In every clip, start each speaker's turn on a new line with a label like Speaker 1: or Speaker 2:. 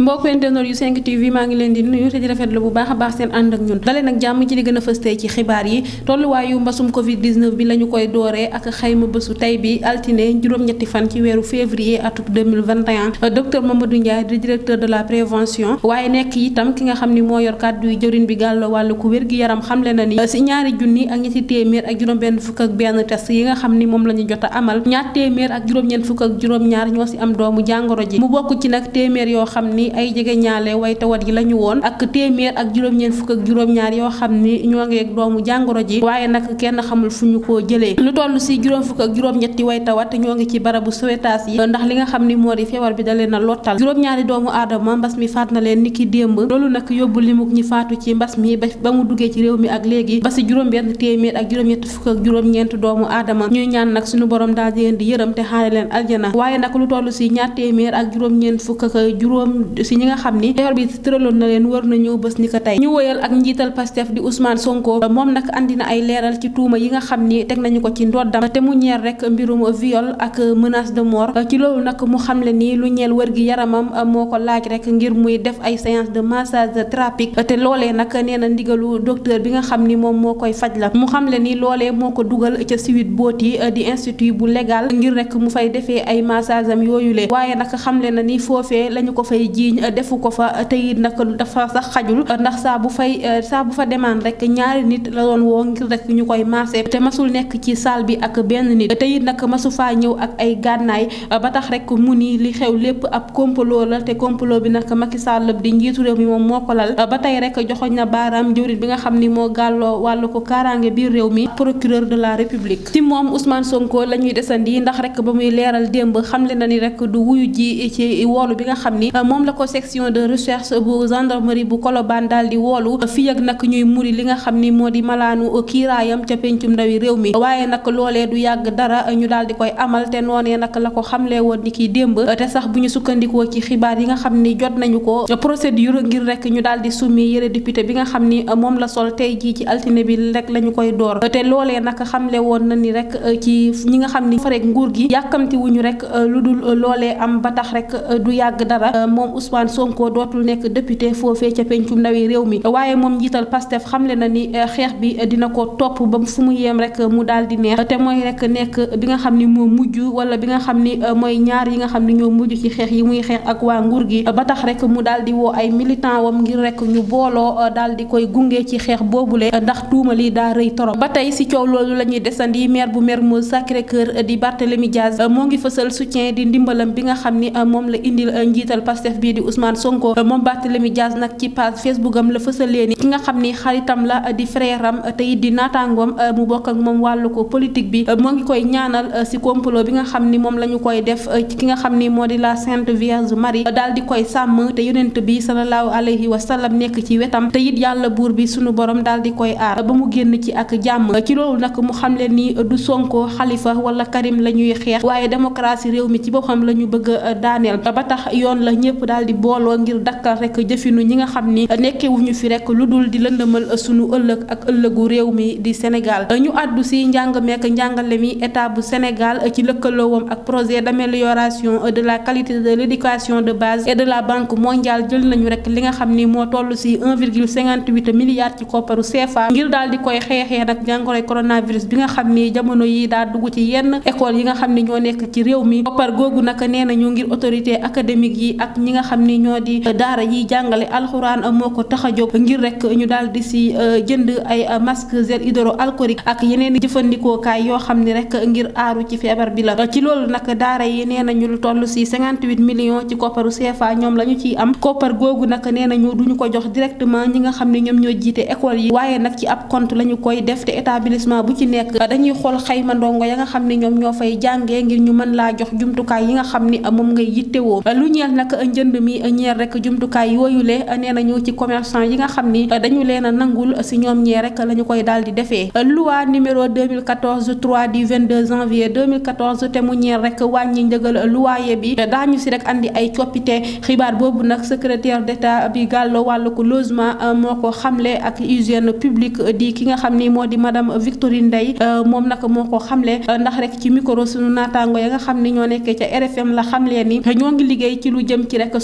Speaker 1: mbokk internet yu 5 TV maa ngi leen di nuyu te di rafetlu bu baax a baax seen ànd ak ñun dalee nag jàmm ci li gën a fës tey ci xibaar yi tolluwaayu mbasum covid 19 bi la koy dooree ak xayma bésu tey bi altine juróom-ñetti fan ci weeru février atum 2021 docteur Mamadou Ndiaye di directeur de la prévention waaye nekk itam ki nga xam ni moo yor kàddu jëriñ bi gàllo wàllu ku wér gi yaram xamle na ni si ñaari junni ak ñetti téeméer ak juróom benn fukk ak benn test yi nga xam ni moom la ñu jot a amal ñaar téeméer ak juróom-ñeent fukk ak juróom-ñaar ñoo si am doomu jàngoro ji ni ay jege ñaale way yi la ñu woon ak téeméer ak juróom-ñeent fukk ak juróom-ñaar yoo xam ni ñoo ngi ak doomu jàngoro ji waaye nag kenn xamul fu ñu koo jëlee lu toll si juróom fukk juróom-ñetti way tawat ñoo ngi ci barabu Sowetaas yi ndax li nga xam ni moo di feebar bi da leen a lottal juróom-ñaari doomu aadama mbas mi faat na leen ni ki démb loolu nag yóbbu limuk ñi faatu ci mbas mi ba mu duggee ci réew mi ak léegi ba si juróom-benn téeméer ak juróom-ñetti fukk ak juróom-ñeent doomu aadama ñuy ñaan nag suñu borom daal di leen di yërëm te xaare leen aljana waaye nag lu toll si ñaar téeméer ak juróom-ñeent fukk ak juróom si ñi nga xam ni yor bi tëraloon na leen war na ñëw bés ni ko tey ñu woyal ak njiital Pastef di Ousmane Sonko moom nag andi na ay leeral ci tuuma yi nga xam ni teg nañu ko ci ndoddam te mu ñeel rek mbirum viol ak menace de mort ci loolu nag mu xamle ni lu ñeel wër gi yaramam moo ko laaj rek ngir muy def ay séance de massage de te loolee nag nee na ndigalu docteur bi nga xam ni moom moo koy faj la mu xamle ni loolee moo ko dugal ca Suite Beauty di institut bu légal ngir rek mu fay defee ay massage am yooyu jiiñ euh, defu ko fa te it nag dafa sax xajul euh, ndax saa bu fay euh, saa bu fa demaan rek ñaari nit la doon woo ngir rek ñu koy maase te masul nekk ci salle bi ak benn nit te it nag masu faa ñëw ak ay gànnaay ba tax rek mu ni li xew lépp ab complot la te complot bi nag Macky Sall di njiitu réew mi moom moo ko lal ba tey rek joxoñ na baaraam jëwriñ bi nga xam ni moo gàlloo wàll ko kaaraange biir réew mi procureur de la république ci moom usmaan Sonko la ñuy desandi ndax rek ba muy leeral démb xam la ko section de recherche bu gendarmerie bu Colobane daal di woolu fii ak nag ñuy muri li nga xam ni moo di malaanu kiiraayam ca pencum ndawi réew mi waaye nag loolee du yàgg dara ñu daal di koy amal te noonee nag la ko xamlee woon ni kiy démb te sax bu ñu sukkandikoo ci xibaar yi nga xam ni jot nañu ko procédure ngir rek ñu daal di summi yëre député bi nga xam ni moom la sol tey jii ci altine bi rek la ñu koy door te loolee nag xamle woon na ni rek ci ñi xam ni fa rek gi yàkkamti wuñu rek lu dul loolee am ba Ousmane Sonko dootul nekk député foofee ca pencum ndawi réew mi waaye moom njiital Pastef xamle na ni eh, xeex bi dina ko topp ba fu mu yem rek eh, mu daal di neex te mooy rek nekk bi nga xam ni moo mujj wala bi nga xam ni eh, mooy ñaar yi nga xam ni ñoo mujj ci xeex yi muy xeex ak waa nguur gi ba tax rek mu daal di woo ay militant wam ngir rek ñu booloo dal di koy gunge ci xeex boobule ndax tuuma li daa rëy torop ba tey si coow loolu la ñuy desandi maire bu Mermoz Sacré-Cœur di Barthélémy Diaz moo ngi fësal soutien di ndimbalam bi nga xam ni moom la indil njiital Pastef bi bii di Ousmane Sonko moom Barthélémy Dias nag ci page Facebook la fësalee ni ki nga xam ni xaritam la di frère am di naataangoom mu bokk moom wàllu ko politique bi moo ngi koy ñaanal uh, si complot bi nga xam ni moom la ñu koy def uh, ci ki nga xam ni moo di la Sainte Vierge Marie uh, daal di koy sàmm te yonent bi sallallahu alayhi wa sallam nekk ci wetam te it yàlla buur bi sunu borom daal di koy aar ba mu génn ci ak jàmm ci nag mu xam leen ni du Sonko Xalifa wala Karim la ñuy xeex waaye démocratie réew mi ci boppam la ñu bëgg a daal di booloo ngir dakkal rek jëfinu ñi nga xam ni nekkewuñu fi rek lu dul di lëndëmal sunu ëllëg ak ëllëgu réew mi di Sénégal ñu àddu si njàng meek njàngale mi état bu Sénégal ci lëkkaloowam ak projet d'amélioration de la qualité de l'éducation de base et de la banque mondial jël nañu rek li nga xam ni moo toll si 1,58 milliard ci kopparu CFA ngir daal di koy xeexee nag jàngoroy coronavirus bi nga xam ni jamono yi daa dugg ci yenn école yi nga xam ni ñoo nekk ci réew mi xam ni ñoo di daara yiy jàngale alxuraan moo ko a jóg ngir rek ñu daal di si euh, jënd ay masque gel hydroalcoolique ak yeneen i jëfandikookaay yoo xam ni rek ngir aaru ci feebar bi la ci loolu nag daara yi nee nañu lu toll si 58 millions ci kopparu CFA ñoom la ñu ciy am koppar googu nag nee nañu duñu ko jox directement ñi nga xam ne ñoom ñoo jiite école yi waaye nag ci ab compte lañu koy def te établissement bu ci nekk dañuy xool xayma ndongo ya nga xam ne ñoom ñoo fay jàngee ngir ñu mën laa jox jumtukaay yi nga xam ni moom ngay yittewoo lu ñeel nag njënd mi ñeer rek jumtukaay yooyule nee nañu ci commerçant yi nga xam ni dañu leen a nangul si ñoom ñee rek la koy daal di defee loi numéro 2014 3 du 22 janvier 2014 te mu ñeer rek wàññi njëgal loyer bi daañu si rek andi ay coppite xibaar boobu nag secrétaire d'état bi gàllo wàllu ko logement euh, moo ko xamle ak hygiène publique di ki nga xam ni moo di madame Victorine Ndeye euh, moom nag moo ko xamle euh, ndax rek ci micro sunu naataango ya nga xam ni ñoo nekkee ca RFM la xamle ni ñoo ngi liggéey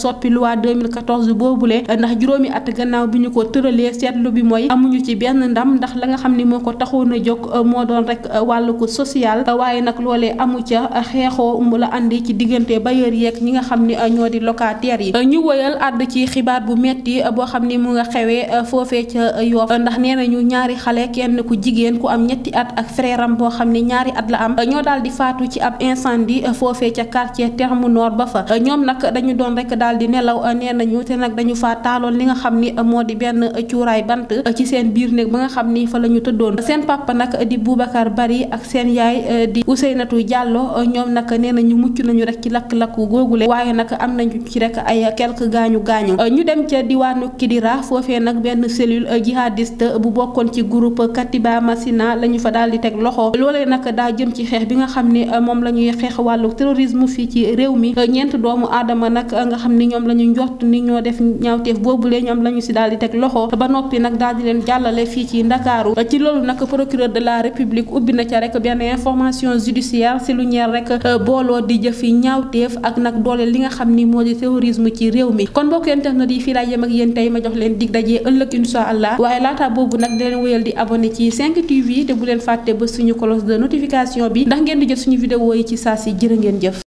Speaker 1: soppi loi 2014 boobule ndax juróomi at gannaaw bi ñu ko tëralee seetlu bi mooy amuñu ci benn ndam ndax la nga xam ni moo ko taxoon a jóg euh, moo doon rek euh, wàllu ko social euh, waaye nag loolee amu ca xeexoo mu la andi ci diggante bailleur yeeg ñi nga xam ni ñoo di locataire yi ñu woyal àdd ci xibaar bu metti boo xam ni mu nga xewee foofee ca Yoff ndax nee na ñu ñaari xale kenn ku jigéen ku am ñetti at ak frère boo xam ni ñaari at la am ñoo daal di faatu ci ab incendie foofee ca quartier Terme Nord ba daal di nelaw euh, nee nañu te nag dañu faa taaloon li nga xam ni euh, moo di benn euh, cuuraay bant ci seen biir néeg ba nga xam ni fa la ñu tëddoon seen papa nag di Boubacar Bari ak seen yaay di Ousseynatou Diallo ñoom nag nee nañu mucc nañu rek ci lakk-lakk googule waaye nag am nañu ci rekk ay quelques gaañu gaañu ñu dem ca diwaanu Kidira foofee nag benn cellule jihadiste bu bokkoon ci groupe Katiba Masina la ñu fa daal di teg loxo loolee nag daa jëm ci xeex bi nga xam ni moom la ñuy xeex wàllu terrorisme fii ci réew mi ni ñoom la ñu njort ni ñoo def ñaawteef boobulee ñoom la ñu si daal di teg loxo ba noppi nag daal di leen jàllale fii ci ndakaaru ci loolu nag procureur de la république ubbi na ca rek benn information judiciaire si lu ñeel rek euh, booloo di jëf yi ñaawteef ak nag doole li nga xam ni moo di terrorisme ci réew mi kon mbokk internet yi fii laa yem ak yéen tey ma jox leen dig dajee ëllëg incha allah waaye laata boobu nag di leen wéyal di abonné ci 5 TV te bu leen fàtte ba suñu cloche de notification bi ndax ngeen di jëf suñu vidéo yi ci saa si jërë ngeen jëf